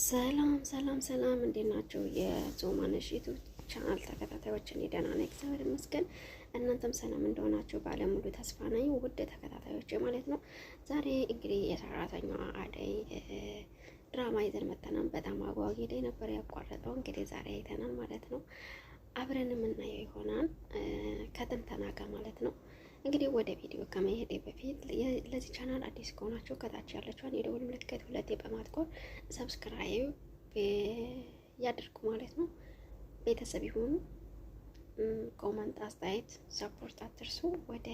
ሰላም ሰላም ሰላም፣ እንዴት ናቸው የዞማነሽ ዩቱብ ቻናል ተከታታዮች? እኔ ደህና ነኝ እግዚአብሔር ይመስገን። እናንተም ሰላም እንደሆናችሁ ባለሙሉ ተስፋ ነኝ፣ ውድ ተከታታዮች ማለት ነው። ዛሬ እንግዲህ የሰራተኛዋ አደይ ድራማ ይዘን መተናል። በጣም አጓጊ ላይ ነበር ያቋረጠው፣ እንግዲህ ዛሬ አይተናል ማለት ነው። አብረን የምናየው ይሆናል ከትንተና ጋር ማለት ነው። እንግዲህ ወደ ቪዲዮ ከመሄድ በፊት ለዚህ ቻናል አዲስ ከሆናችሁ ከታች ያለችውን የደወል ምልክት ሁለቴ በማጥቆር ሰብስክራይብ ያደርጉ ማለት ነው። ቤተሰብ ይሁኑ። ኮመንት፣ አስተያየት፣ ሰፖርት አትርሱ። ወደ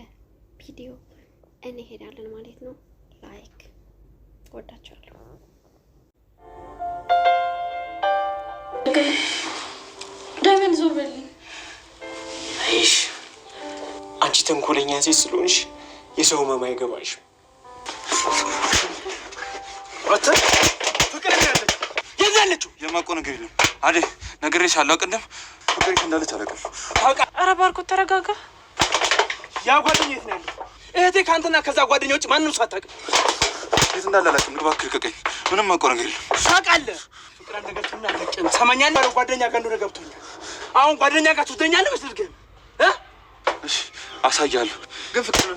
ቪዲዮ እንሄዳለን ማለት ነው። ላይክ ወዳቸዋለሁ። ዳይመንድ ዞር በልኝ ተንኮለኛ ሴት ስለሆንሽ የሰው ህመም አይገባሽ። ፍቅር ያለች የዛለችው የማቆ ነገር የለም አዴ ነግሬሻለሁ። ቅድም ፍቅር እንዳለች አላውቅም። ኧረ ባርኮት ተረጋጋ። ያ ጓደኛ የት ነው ያለው? እህቴ ከአንተና ከዛ ጓደኛ ውጭ ማንም ሰው አታውቅም። የት እንዳለ አላውቅም። እባክህ ልቀቀኝ። ምንም ማቆ ነገር የለም። ታውቃለህ ፍቅር አንድ ነገር ትናለቅም ሰማኛል። ጓደኛ ጋር እንደሆነ ገብቶኛል። አሁን ጓደኛ ጋር ትወደኛለህ እሺ አሳያለሁ። ግን ፍቅር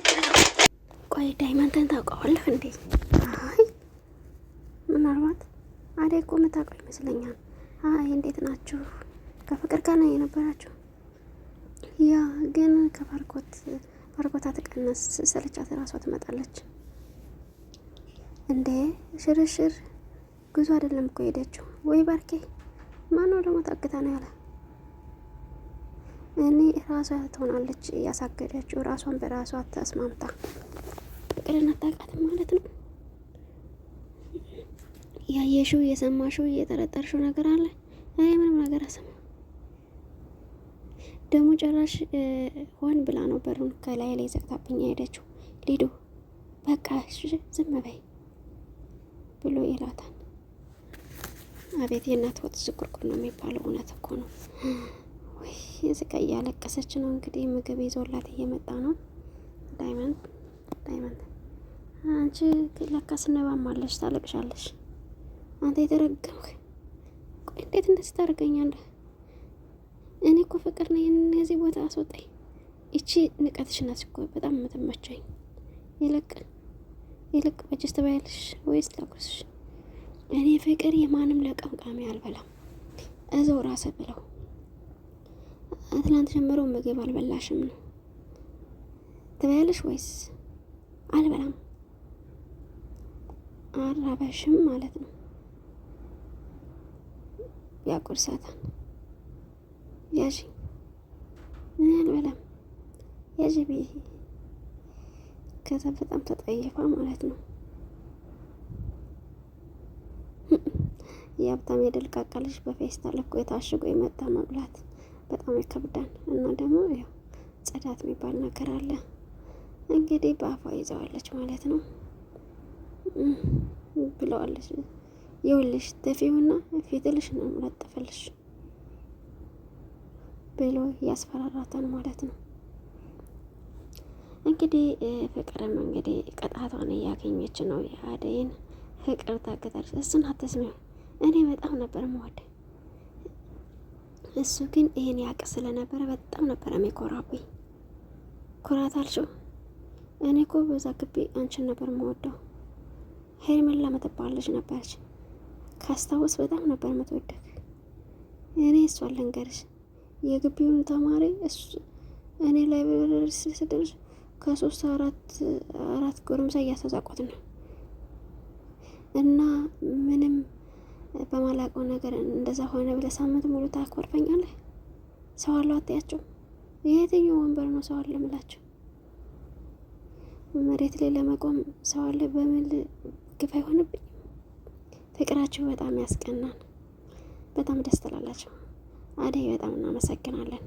ቆይ ዳይመንተን ታውቀዋለህ እንዴ? አይ ምናልባት አደይ እኮ የምታውቀው ይመስለኛል። አይ እንዴት ናችሁ? ከፍቅር ጋር ነው የነበራችሁ? ያ ግን ከባርኮት ባርኮታ ተቀነስ ሰለቻት ራሷ ትመጣለች እንዴ? ሽርሽር ጉዞ አይደለም እኮ ሄደችው ወይ ባርኬ ማነው ደግሞ ታግታ ነው ያለ እኔ ራሷ ትሆናለች እያሳገደችው ራሷን በራሷ ተስማምታ ፍቅርን አታውቃትም ማለት ነው። ያየሽው የሰማሽው እየጠረጠርሽው ነገር አለ። እኔ ምንም ነገር አሰማ ደግሞ ጭራሽ ሆን ብላ ነው በሩን ከላይ ላይ ዘግታብኝ ሄደችው። ሊዱ በቃ ዝም በይ ብሎ ይላታል። አቤት የእናት ወጥ ዝቁርቁር ነው የሚባለው እውነት እኮ ነው። ወይ የስቃይ እያለቀሰች ነው እንግዲህ ምግብ ይዞላት እየመጣ ነው። ዳይመንድ ዳይመንድ አንቺ ለካ አለሽ፣ ታለቅሻለሽ። አንተ የተረገምክ ቆይ እንዴት እንደዚህ ታደርገኛለህ? እኔ እኮ ፍቅር ነኝ። እነዚህ ቦታ አስወጣኝ። እቺ ንቀትሽ ናት እኮ በጣም የምትመቸኝ። ይልቅ ይልቅ በጅስ ትበያለሽ ወይስ ላጉርስሽ? እኔ ፍቅር የማንም ለቀምቃሚ አልበላም። እዛው ራስህ ብለው ትናንት ጀምሮ ምግብ አልበላሽም ነው? ትበያለሽ ወይስ? አልበላም። አራበሽም ማለት ነው። ያቆርሳታል። ምን አልበላም፣ ያዢ ብዬ ከዛ በጣም ተጠይፋ ማለት ነው። የሀብታም የደልቃቃ ልጅ በፌስታል እኮ የታሽጎ የመጣ መብላት በጣም ይከብዳል። እና ደግሞ ያው ጽዳት የሚባል ነገር አለ እንግዲህ በአፏ ይዘዋለች ማለት ነው ብለዋለች። ይኸውልሽ ተፊውና ፊትልሽ ነው ለጠፈልሽ ብሎ ያስፈራራታል ማለት ነው። እንግዲህ ፍቅርም እንግዲህ ቅጣቷን እያገኘች ነው። የአደይን ፍቅር ታገታለች። እሱን አትስሚው እኔ በጣም ነበር የምወደው እሱ ግን ይሄን ያቅ ስለነበረ በጣም ነበረ የሚኮራብኝ። ኩራት አልችው። እኔ እኮ በዛ ግቢ አንቺን ነበር የምወደው። ሄርሜላ ምትባለች ነበረች ካስታወስ፣ በጣም ነበር ምትወደግ። እኔ እሷን ልንገርሽ፣ የግቢውን ተማሪ እኔ ላይ በደርስ ስደርስ ከሶስት አራት አራት ጎረምሳ እያሳዛቆት ነው እና ምንም በማላውቀው ነገር እንደዛ ሆነ ብለህ ሳምንት ሙሉ ታኮርፈኛለህ። ሰው አለው አታያቸውም? የትኛው ወንበር ነው ሰው አለ ምላቸው? መሬት ላይ ለመቆም ሰው አለ በምን ግፍ አይሆንብኝ። ፍቅራችሁ በጣም ያስቀናል። በጣም ደስ ትላላቸው? አደይ በጣም እናመሰግናለን።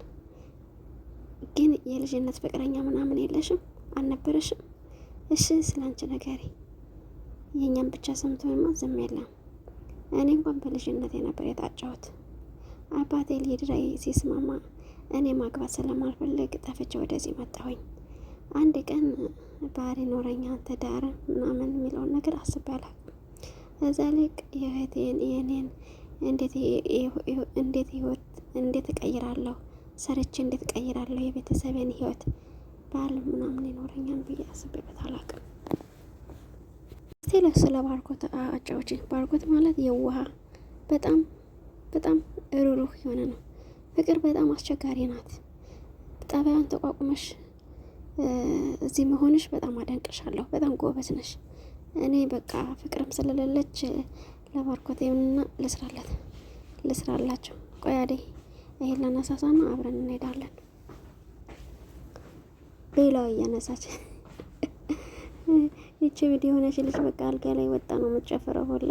ግን የልጅነት ፍቅረኛ ምናምን የለሽም አልነበረሽም? እሺ ስላንቺ ነገሪ የእኛም ብቻ ሰምቶ ዝም የለም። እኔ እንኳን በልጅነቴ ነበር የታጫሁት። አባቴ ሊድራይ ሲስማማ እኔ ማግባት ስለማልፈልግ ጠፍቼ ወደዚህ መጣሁኝ። አንድ ቀን ባህር ኖረኛ ትዳር ምናምን የሚለውን ነገር አስቤ እዛ ልቅ የእህቴን የእኔን እንዴት ህይወት እንዴት እቀይራለሁ ሰርቼ እንዴት እቀይራለሁ የቤተሰብን ህይወት ባል ምናምን ይኖረኛል ብዬ አስቤበት አላውቅም። ስቲል ስለ ባርኮት አጫዎች ባርኮት ማለት የውሃ በጣም በጣም ሩሩህ የሆነ ነው። ፍቅር በጣም አስቸጋሪ ናት። ጠባያን ተቋቁመሽ እዚህ መሆንሽ በጣም አደንቅሻለሁ። በጣም ጎበዝ ነሽ። እኔ በቃ ፍቅርም ስለሌለች ለባርኮት ይሁንና ልስራለት ልስራላቸው። ቆይ አደይ ይሄን ላነሳሳና አብረን እንሄዳለን። ሌላው እያነሳች ይቺ ቪዲዮ የሆነች ልጅ በቃ አልጋ ላይ ወጣ ነው የምትጨፍረው። ሁሌ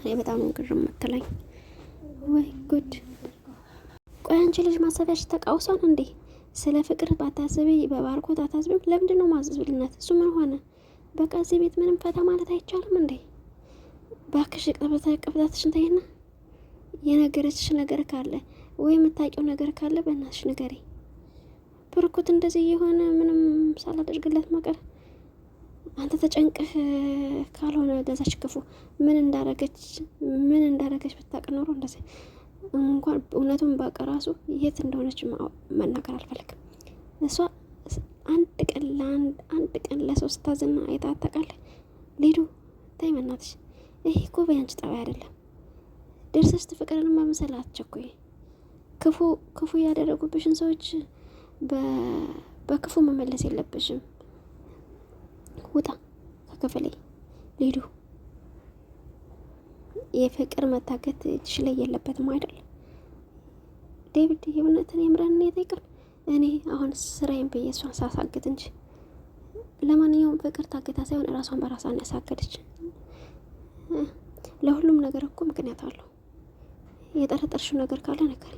እኔ በጣም ግር የምትለኝ ወይ ጉድ። ቆይ አንቺ ልጅ ማሰቢያች ተቃውሷን እንዴ? ስለ ፍቅር ባታስቢ በባርኮት አታስቢ ለምንድን ነው ማዝብልነት? እሱ ምን ሆነ? በቃ እዚህ ቤት ምንም ፈታ ማለት አይቻልም እንዴ? ባክሽ ቅበተ ቅብታትሽን ተይና፣ የነገረችሽ ነገር ካለ ወይ የምታውቂው ነገር ካለ በእናትሽ ንገሪ። ብርኩት እንደዚህ የሆነ ምንም ሳላደርግለት መቀር አንተ ተጨንቀህ ካልሆነ ለዛች ክፉ ምን እንዳረገች ምን እንዳረገች ብታቅ ኖሮ እንደዚህ እንኳን እውነቱን ባቀ ራሱ የት እንደሆነች መናገር አልፈልግም። እሷ አንድ ቀን ለአንድ ቀን ለሰው ስታዝና አይታ ታውቃለህ? ሊዱ ታይ መናትሽ፣ ይህ እኮ በያንቺ ጠባይ አይደለም። ደርሰሽ ፍቅርን መምሰል አትቸኩይ። ክፉ ክፉ እያደረጉብሽን ሰዎች በክፉ መመለስ የለብሽም። ውጣ ከክፍሌ ሊዱ። የፍቅር መታገት እጅሽ ላይ የለበትም አይደል? ዴቪድ የእውነትን የምረንን የጠይቀን እኔ አሁን ስራዬን ብዬ እሷን ሳሳግት እንጂ ለማንኛውም ፍቅር ታገታ ሳይሆን እራሷን በራሷን ያሳገደች። ለሁሉም ነገር እኮ ምክንያት አለው። የጠረጠርሽው ነገር ካለ ነገር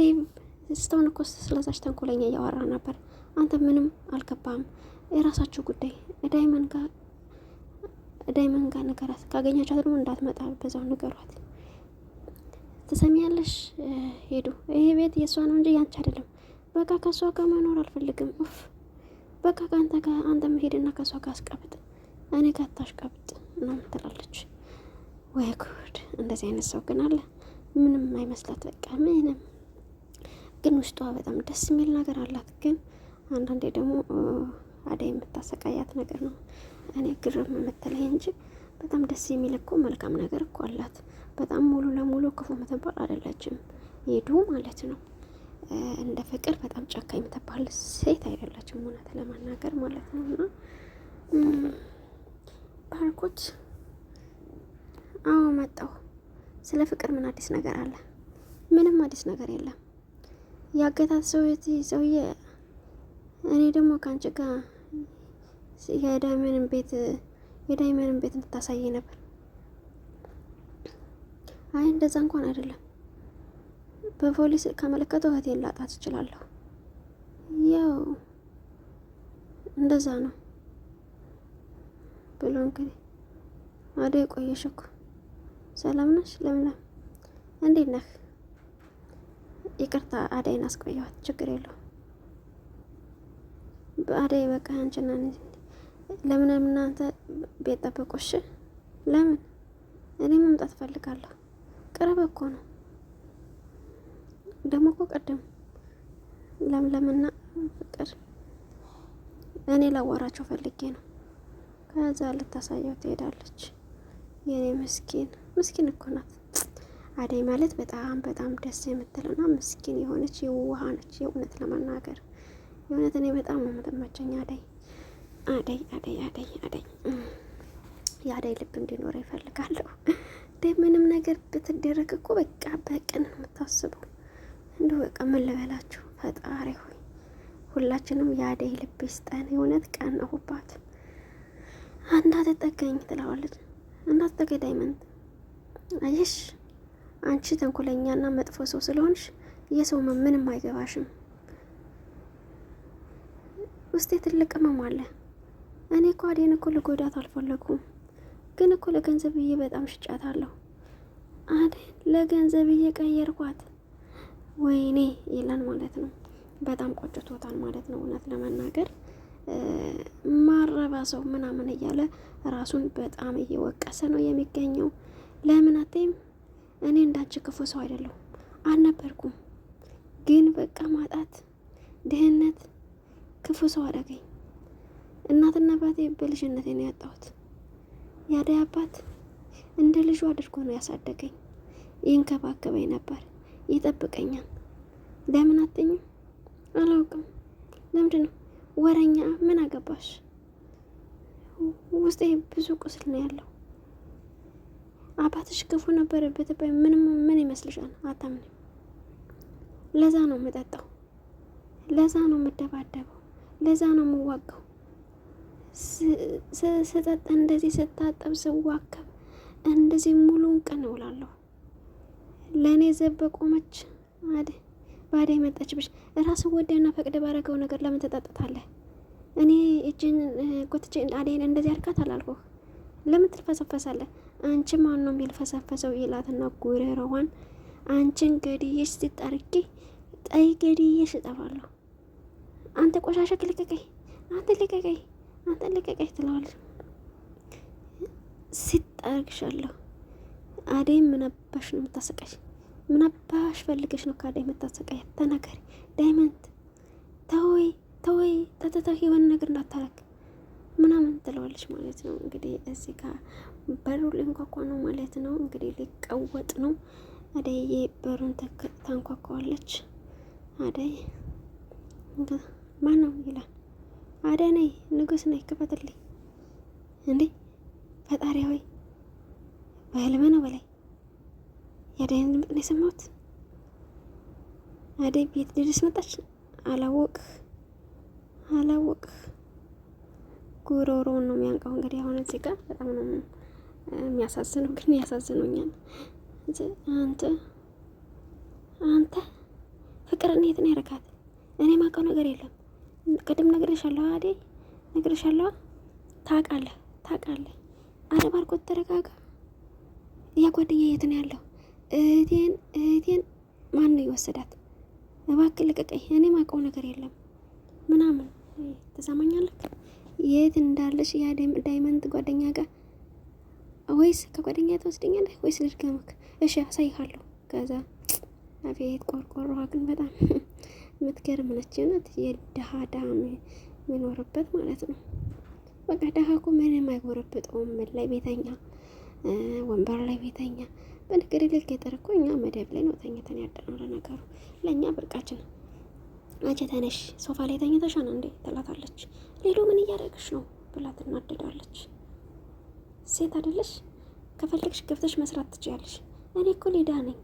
ዴቭ እስካሁን እኮ ስለዛች ተንኮለኛ እያወራ ነበር። አንተ ምንም አልገባም፣ የራሳቸው ጉዳይ። ዳይመን ጋር ዳይመን ጋር ንገራት፣ ካገኛቻት ደግሞ እንዳትመጣ በዛው ንገሯት። ትሰሚያለሽ ሄዱ፣ ይሄ ቤት የእሷ ነው እንጂ ያንቺ አይደለም። በቃ ከእሷ ጋር መኖር አልፈልግም። ኡፍ በቃ ከአንተ ጋር አንተ መሄድና ከእሷ ጋር አስቀብጥ፣ እኔ ጋር ታሽቀብጥ ነው ትላለች። ወይ ጉድ! እንደዚህ አይነት ሰው ግን አለ። ምንም አይመስላት፣ በቃ ምንም ግን ውስጧ በጣም ደስ የሚል ነገር አላት ግን አንዳንዴ ደግሞ አደይ የምታሰቃያት ነገር ነው እኔ ግርም የምትለኝ እንጂ በጣም ደስ የሚል እኮ መልካም ነገር እኮ አላት። በጣም ሙሉ ለሙሉ ክፉ ምትባል አይደለችም ሄዱ ማለት ነው። እንደ ፍቅር በጣም ጫካ ምትባል ሴት አይደለችም እውነት ለመናገር ማለት ነው። እና ባርኮት አዎ መጣሁ። ስለ ፍቅር ምን አዲስ ነገር አለ? ምንም አዲስ ነገር የለም። ያገታት ሰውዬ እኔ ደግሞ ከአንቺ ጋር የዳይመንን ቤት የዳይመንን ቤት እንድታሳይ ነበር። አይ እንደዛ እንኳን አይደለም። በፖሊስ ከመለከተው እህቴን ላጣት እችላለሁ። ያው እንደዛ ነው ብሎ እንግዲህ አደ የቆየሽ እኮ ሰላም ነሽ? ለምለም እንዴት ነህ? ይቅርታ አዳይን አስቆየዋት። ችግር የለውም። አደይ በቃ አንቺና ለምን እናንተ ቤት ጠበቁሽ? ለምን እኔ መምጣት ፈልጋለሁ። ቅርብ እኮ ነው። ደግሞ እኮ ቀደም ለምለምና ፍቅር እኔ ላዋራቸው ፈልጌ ነው። ከዛ ልታሳየው ትሄዳለች። የኔ ምስኪን ምስኪን እኮ ናት አደይ ማለት በጣም በጣም ደስ የምትልና ምስኪን የሆነች የውሃ ነች የእውነት ለመናገር የእውነት እኔ በጣም ነው የምትመቸኝ አደይ አደይ አደይ አደይ አደይ የአደይ ልብ እንዲኖረ ይፈልጋለሁ። አደይ ምንም ነገር ብትደረግ እኮ በቃ በቅን ነው የምታስበው። እንዲ በቃ ምን ልበላችሁ ፈጣሪ ሆይ ሁላችንም የአደይ ልብ ይስጠን። የእውነት ቀናሁባት። እንዳትጠጋኝ ትለዋለች። እንዳትጠጋኝ ዳይመንት አየሽ፣ አንቺ ተንኮለኛና መጥፎ ሰው ስለሆንሽ የሰው ምንም አይገባሽም። ውስጤ ትልቅ ህመም አለ። እኔ እኮ አዴን እኮ ልጎዳት አልፈለግኩም፣ ግን እኮ ለገንዘብ ብዬ በጣም ሽጫታለሁ። አዴ ለገንዘብ ብዬ ቀየርኳት። ወይኔ ይላል ማለት ነው። በጣም ቆጭቶታል ማለት ነው። እውነት ለመናገር ማረባ ሰው ምናምን እያለ ራሱን በጣም እየወቀሰ ነው የሚገኘው። ለምን አቴም እኔ እንዳንቺ ክፉ ሰው አይደለሁም፣ አልነበርኩም። ግን በቃ ማጣት፣ ድህነት ክፉ ሰው አደረገኝ። እናትና አባቴ በልጅነቴ ነው ያጣሁት። የአደይ አባት እንደ ልጁ አድርጎ ነው ያሳደገኝ። ይንከባከበኝ ነበር፣ ይጠብቀኛል። ለምን አትኝም? አላውቅም። ለምንድን ነው ወረኛ? ምን አገባሽ? ውስጤ ብዙ ቁስል ነው ያለው። አባትሽ ክፉ ነበር ብትባይ ምንም ምን ይመስልሻል? አታምንም። ለዛ ነው የምጠጣው፣ ለዛ ነው የምደባደበው ለዛ ነው የምዋጋው ስጠጥ እንደዚህ ስታጠብ ስዋከብ እንደዚህ ሙሉን ቀን እውላለሁ። ለእኔ ዘብ በቆመች አደ ባዳ መጣች ብሽ ራስ ወደና ፈቅደ ባረገው ነገር ለምን ተጣጥታለህ? እኔ እጅን ጎትቼ አደይን እንደዚህ አድርጋት አላልኩህ? ለምን ትልፈሰፈሳለህ? አንቺ ማን ነው የሚልፈሰፈሰው? ይላትና ጉረረዋን አንቺን ገድዬሽ ስጠርቂ ጠይ ገድዬሽ እጠፋለሁ አንተ ቆሻሻ ልቀቀኝ፣ አንተ ልቀቀኝ፣ አንተ ልቀቀኝ ትለዋለች። ስጥ አርግሻለሁ። አደይ ምናባሽ ነው የምታሰቃሽ? ምናባሽ ፈልገሽ ነው ከአደይ የምታሰቃይ? ተናገሪ ዳይመንት። ተወይ ተወይ፣ ተተታ የሆነ ነገር እንዳታረግ ምናምን ትለዋለች ማለት ነው። እንግዲህ እዚህ ጋር በሩ ሊንኳኳ ነው ማለት ነው። እንግዲህ ሊቀወጥ ነው። አደይ በሩን ታንኳኳዋለች። አደይ ማን ነው ይላል። አደይ ነይ፣ ንጉስ ነኝ ክፈትልኝ። እንዴ ፈጣሪ ሆይ በህልም ነው በላይ የአደይን ድምፅ ነው የሰማሁት። አደይ ቤት ድረስ መጣች። አላወቅ አላወቅ ጉሮሮውን ነው የሚያንቀው። እንግዲህ አሁን እዚህ ጋር በጣም ነው የሚያሳዝነው፣ ግን ያሳዝኖኛል። አንተ አንተ ፍቅርን የት ነው ያረካት? እኔ ማውቀው ነገር የለም ቅድም ነግሬሻለሁ አይደል? ነግሬሻለሁ። ታውቃለህ፣ ታውቃለህ። አረ ባርኮት ተረጋጋ። ያ ጓደኛ የት ነው ያለው? እህቴን እህቴን ማን ነው የወሰዳት? እባክህ ልቀቀኝ፣ እኔ ማውቀው ነገር የለም ምናምን ትሰማኛለህ? የት እንዳለሽ ያ ዳይመንት ጓደኛ ጋር ወይስ ከጓደኛ ትወስደኛለህ ወይስ ልድገምክ? እሺ አሳይሃለሁ። ከዛ አቤት ቆርቆሮ ግን በጣም የምትገርም ነች እውነት። የድሃ ድሃ የሚኖርበት ማለት ነው። በቃ ድሃ እኮ ምንም አይጎረብጠውም። ምን ላይ ቤተኛ ወንበር ላይ ቤተኛ። በንግድ ልክ ገጠር እኮ እኛ መደብ ላይ ነው ተኝተን ያደረ ለኛ ለእኛ ብርቃችን። አቼ ተነሽ ሶፋ ላይ ተኝተሻል እንዴ ትላታለች። ሌሎ ምን እያደረግሽ ነው ብላ ትናደዳለች። ሴት አይደለሽ ከፈለግሽ ገብተሽ መስራት ትችያለሽ። እኔ እኮ ሌዳ ነኝ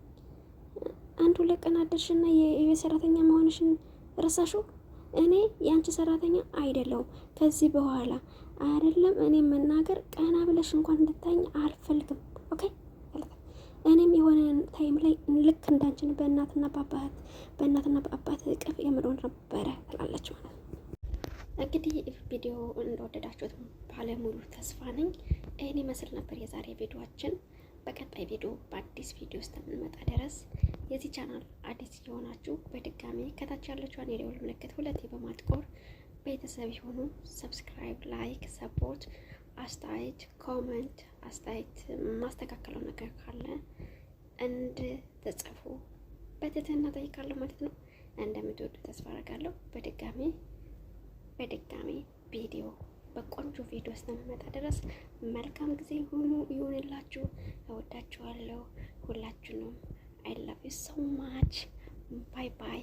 አንድ ሁለት ቀን አደርሽና የቤት ሰራተኛ መሆንሽን ረሳሹ። እኔ የአንቺ ሰራተኛ አይደለሁም። ከዚህ በኋላ አይደለም እኔ መናገር ቀና ብለሽ እንኳን እንድታኝ አልፈልግም። ኦኬ እኔም የሆነ ታይም ላይ ልክ እንዳንችን በእናትና በአባት በእናትና በአባት እቅፍ የምሮ ነበረ ትላለች ማለት ነው። እንግዲህ ቪዲዮ እንደወደዳችሁት ባለሙሉ ተስፋ ነኝ። ይህን ይመስል ነበር የዛሬ ቪዲዮችን። በቀጣይ ቪዲዮ በአዲስ ቪዲዮ እስከምንመጣ ድረስ የዚህ ቻናል አዲስ የሆናችሁ በድጋሚ ከታች ያለችዋን የደወል ምልክት ሁለቴ በማጥቆር ቤተሰብ የሆኑ ሰብስክራይብ፣ ላይክ፣ ሰፖርት፣ አስተያየት፣ ኮመንት አስተያየት ማስተካከለው ነገር ካለ እንድትጽፉ በትህትና ጠይቃለሁ ማለት ነው። እንደምትወዱ ተስፋ አደርጋለሁ። በድጋሚ በድጋሚ ቪዲዮ በቆንጆ ቪዲዮ እስከምመጣ ድረስ መልካም ጊዜ ሆኖ ይሆንላችሁ። እወዳችኋለሁ ሁላችሁንም። አይ ላቭ ዩ ሶ ማች ባይ ባይ